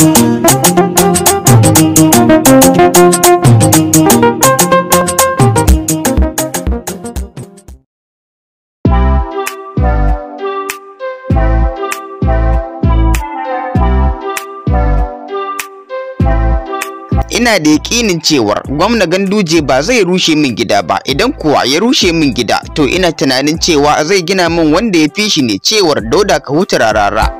ina da yakinin cewar gwamna ganduje ba zai rushe min gida ba idan kuwa ya rushe min gida to ina tunanin cewa zai gina min wanda ya fi shi ne cewar dauda ka huta rarara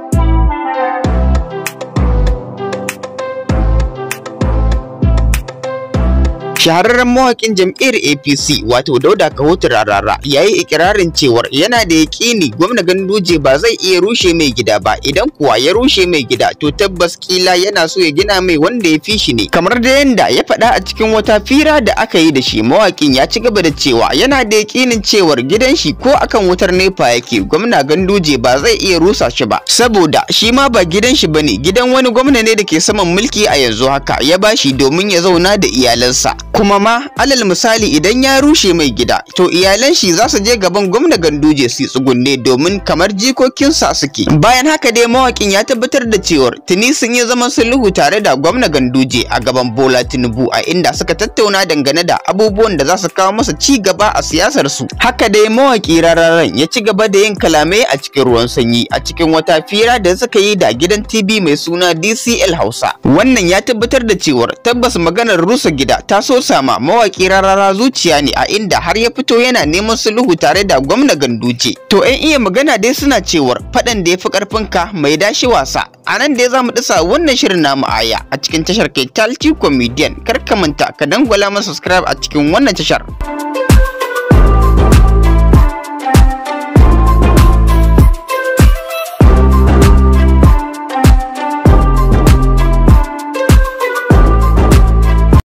shahararren mawaƙin jam'iyyar apc wato dauda kahotu rarara ya yi ikirarin cewar yana da yaƙini gwamna ganduje ba zai iya rushe mai gida ba idan kuwa ya rushe mai gida to tabbas kila yana so ya gina mai wanda ya fi shi ne kamar da yadda ya faɗa a cikin wata fira da aka yi da shi mawaƙin ya ci gaba da cewa yana da yaƙinin cewar gidan shi ko akan wutar nepa yake gwamna ganduje ba zai iya rusa shi ba saboda shi ma ba gidan shi bane gidan wani gwamna ne da ke saman mulki a yanzu haka ya bashi domin ya zauna da iyalansa kuma ma alal misali idan ya rushe mai gida to iyalan shi za su je gaban gwamna ganduje su tsugunne domin kamar jikokinsa suke bayan haka dai mawakin ya tabbatar da cewar tuni sun yi zaman sulhu tare da gwamna ganduje a gaban bola tinubu a inda suka tattauna dangane da abubuwan da za su kawo masa ci gaba a siyasar su haka dai mawaki rararen ya ci gaba da yin kalamai a cikin ruwan sanyi a cikin wata fira da suka yi da gidan tv mai suna dcl hausa wannan ya tabbatar da cewar tabbas maganar rusa gida ta so Osama mawaki rarara zuciya ne a inda har ya fito yana neman sulhu tare da gwamna Ganduje. To 'yan iya magana dai suna cewar faɗan da ya fi ƙarfinka mai dashi wasa. A nan dai za mu ɗisa wannan shirin namu aya a cikin tashar Ketalti Comedian. Kar ka manta ka dangwala mu subscribe a cikin wannan tashar.